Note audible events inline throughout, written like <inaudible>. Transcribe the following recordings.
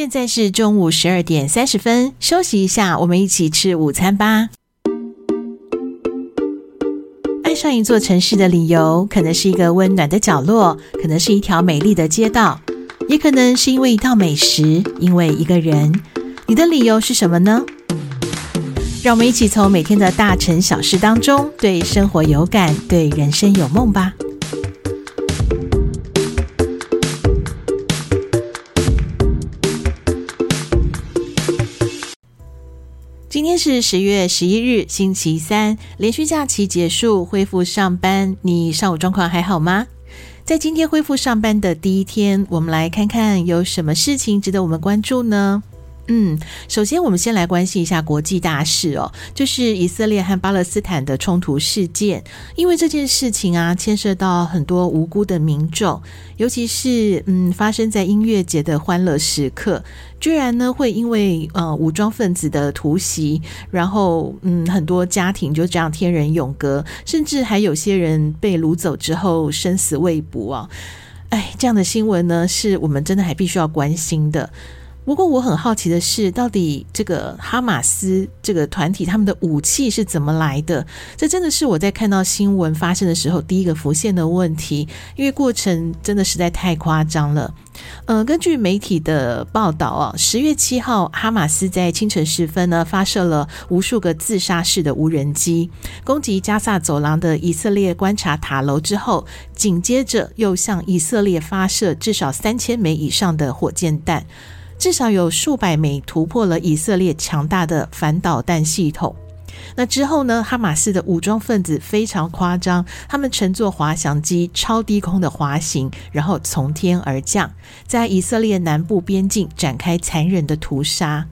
現在是中午十二點三十分，休息一下，我們一起吃午餐吧。愛上一座城市的理由，可能是一個溫暖的角落，可能是一條美麗的街道，也可能是因為一道美食，因為一個人。你的理由是什麼呢？讓我們一起從每天的大城小事當中，對生活有感，對人生有夢吧。今天是十月十一日，星期三，連續假期結束，恢復上班。你上午狀況還好嗎？在今天恢復上班的第一天，我們來看看有什麼事情值得我們關注呢？嗯，首先我們先來關心一下國際大事哦，就是以色列和巴勒斯坦的衝突事件，因為這件事情啊，牽涉到很多無辜的民眾，尤其是嗯，發生在音樂節的歡樂時刻，居然呢會因為呃武裝分子的突襲，然後嗯，很多家庭就這樣天人永隔，甚至還有些人被擄走之後生死未卜啊。哦，哎，這樣的新聞呢，是我們真的還必須要關心的。不過我很好奇的是，到底這個哈馬斯這個團體他們的武器是怎麼來的？這真的是我在看到新聞發生的時候第一個浮現的問題，因為過程真的實在太誇張了。呃，根據媒體的報道啊，十月七號，哈馬斯在清晨時分呢發射了無數個自殺式的無人機，攻擊加薩走廊的以色列觀察塔樓之後，緊接着又向以色列發射至少三千枚以上的火箭彈。至少有數百枚突破了以色列強大的反導彈系統。那之後呢？哈馬斯的武裝分子非常誇張，他們乘坐滑翔機超低空的滑行，然後從天而降，在以色列南部邊境展開殘忍的屠殺。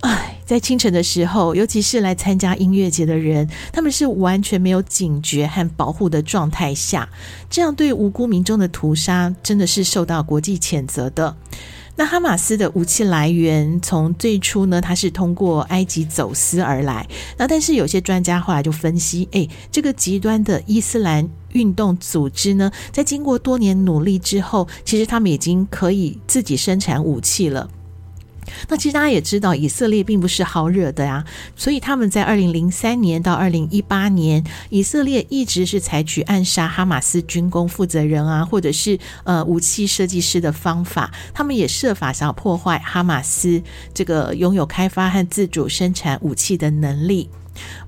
唉，在清晨的時候，尤其是來參加音樂節的人，他們是完全沒有警覺和保護的狀態下，這樣對無辜民眾的屠殺，真的是受到國際譴責的。那哈馬斯的武器來源，從最初呢，它是通過埃及走私而來。那但是有些專家後來就分析，哎、欸，這個極端的伊斯蘭運動組織呢，在經過多年努力之後，其實他們已經可以自己生產武器了。那其實大家也知道，以色列並不是好惹的呀。所以他們在二零零三年到二零一八年，以色列一直是採取暗殺哈馬斯軍工負責人啊，或者是呃武器設計師的方法。他們也設法想要破壞哈馬斯這個擁有開發和自主生產武器的能力。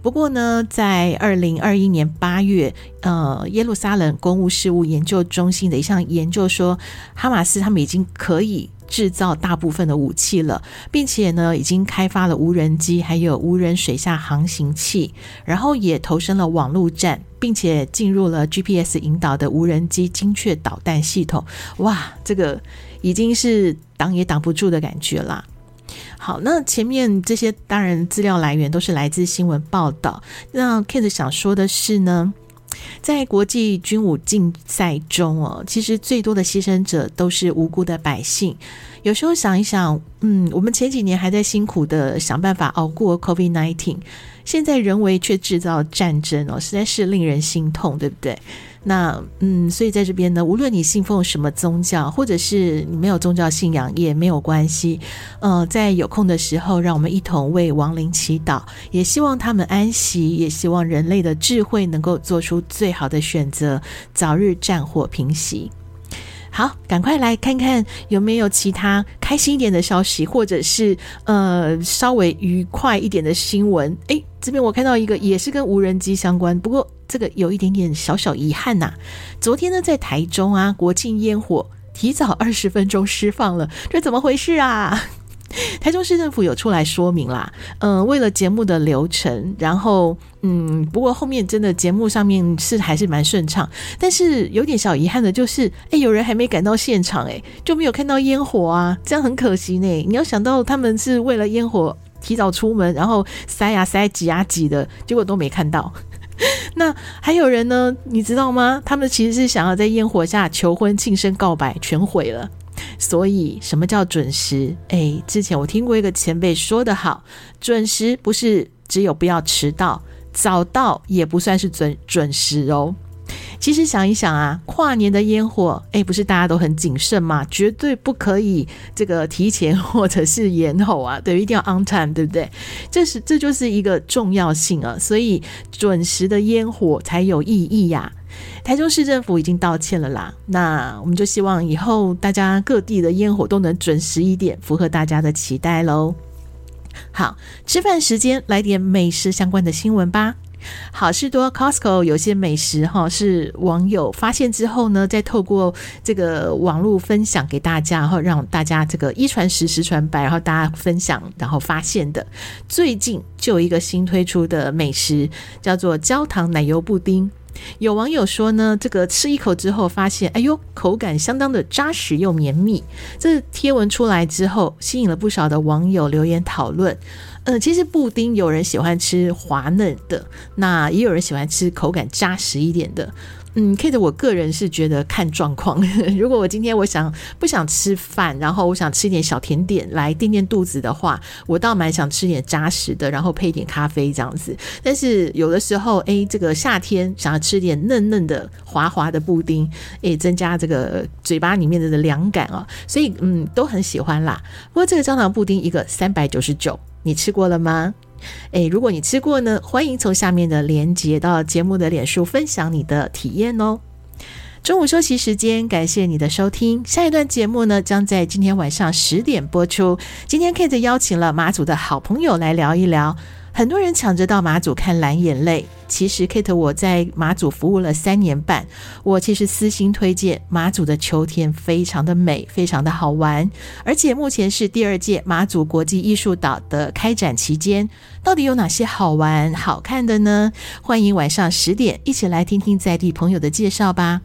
不過呢，在二零二一年八月，呃，耶路撒冷公務事務研究中心的一項研究說，哈馬斯他們已經可以。製造大部分的武器了，並且呢，已經開發了無人機，還有無人水下航行器，然後也投身了網絡戰，並且進入了 GPS 引導的無人機精確導彈系統。哇，這個已經是擋也擋不住的感覺啦。好，那前面這些當然資料來源都是來自新聞報道。那 Kate 想說的是呢？在國際軍武競賽中，哦，其實最多的犧牲者都是無辜的百姓。有時候想一想，嗯，我們前幾年還在辛苦的想辦法熬過 COVID-19，現在人為卻制造戰爭哦，實在是令人心痛，對不對？那，嗯，所以在這邊呢，無論你信奉什麼宗教，或者是你沒有宗教信仰，也沒有關係。嗯、呃，在有空的時候，讓我們一同為亡靈祈禱，也希望他們安息，也希望人類的智慧能夠做出最好的選擇，早日戰火平息。好，趕快來看看有沒有其他開心一點的消息，或者是呃稍微愉快一點的新聞。哎，這邊我看到一個也是跟無人機相關，不過這個有一點點小小遺憾吶、啊。昨天呢，在台中啊，國慶煙火提早二十分鐘釋放了，這怎麼回事啊？台中市政府有出來說明啦，嗯、呃，為了節目的流程，然後嗯，不過後面真的節目上面是還是蠻順暢，但是有點小遺憾的就是，哎、欸，有人還沒趕到現場，欸，哎，就沒有看到煙火啊，這樣很可惜呢，欸。你要想到他們是為了煙火提早出門，然後塞啊塞擠啊擠的，結果都沒看到。 <laughs> 那還有人呢，你知道嗎？他們其實是想要在煙火下求婚、慶生、告白，全毀了。所以，什麼叫準時？哎，之前我聽過一個前輩說得好，準時不是只有不要遲到，早到也不算是準準時哦。其實想一想啊，跨年的煙火，誒，不是大家都很謹慎嗎？絕對不可以這個提前或者是延後啊，對，一定要 on time，對不對？這是這就是一個重要性啊，所以準時的煙火才有意義呀、啊。台中市政府已經道歉了啦，那我們就希望以後大家各地的煙火都能準時一點，符合大家的期待嘍。好，吃飯時間，來點美食相關的新聞吧。好事多 Costco 有些美食哈、哦、是網友發現之後呢，再透過這個網絡分享給大家，然後讓大家這個一傳十，十傳百，然後大家分享，然後發現的。最近就一個新推出的美食叫做焦糖奶油布丁，有網友說呢，這個吃一口之後發現，哎呦，口感相當的扎實又綿密。這貼文出來之後，吸引了不少的網友留言討論。嗯、呃，其實布丁有人喜歡吃滑嫩的，那也有人喜歡吃口感扎實一點的。嗯，Kate，我個人是覺得看狀況。如果我今天我想不想吃飯，然後我想吃一點小甜點來墊墊肚子的話，我倒蠻想吃點紮實的，然後配一點咖啡這樣子。但是有的時候，誒，這個夏天想要吃點嫩嫩的、滑滑的布丁，誒，增加這個嘴巴裡面的涼感啊，所以嗯，都很喜歡啦。不過這個焦糖布丁一個三百九十九，你吃過了嗎？誒，如果你吃過呢，歡迎從下面的鏈接到節目的臉書分享你的體驗哦。中午休息時間，感謝你的收聽。下一段節目呢，將在今天晚上十點播出。今天 Kate 邀請了馬祖的好朋友來聊一聊。很多人搶着到馬祖看藍眼淚，其實 Kate 我在馬祖服務了三年半，我其實私心推薦馬祖的秋天非常的美，非常的好玩，而且目前是第二屆馬祖國際藝術島的開展期間，到底有哪些好玩、好看的呢？歡迎晚上十點一起來聽聽在地朋友的介紹吧。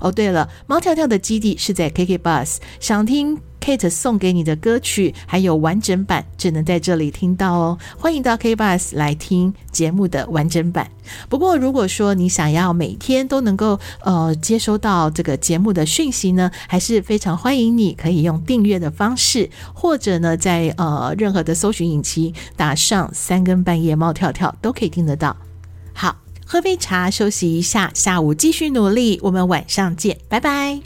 哦，對了，貓跳跳的基地是在 KK Bus，想聽。Kate 送給你的歌曲還有完整版，只能在這裡聽到哦。歡迎到 K Bus 來聽節目的完整版。不過，如果說你想要每天都能夠呃接收到這個節目的訊息呢，還是非常歡迎你可以用訂閱的方式，或者呢在呃任何的搜尋引擎打上三更半夜貓跳跳都可以聽得到。好，喝杯茶休息一下，下午繼續努力，我們晚上見，拜拜。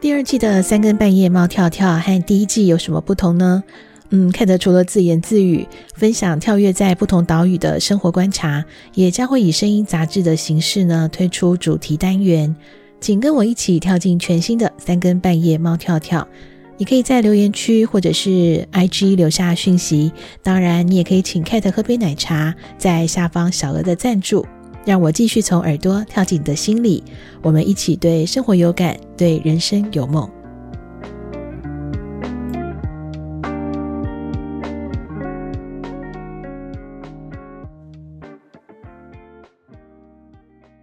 第二季的三更半夜貓跳跳和第一季有什麼不同呢？嗯，Kate 除了自言自語、分享跳躍在不同島嶼的生活觀察，也將會以聲音雜誌的形式呢推出主題單元。請跟我一起跳進全新的三更半夜貓跳跳。你可以在留言區或者是 IG 留下訊息。當然，你也可以請 Kate 喝杯奶茶，在下方小額的贊助。讓我繼續從耳朵跳進你的心裡，我們一起對生活有感，對人生有夢。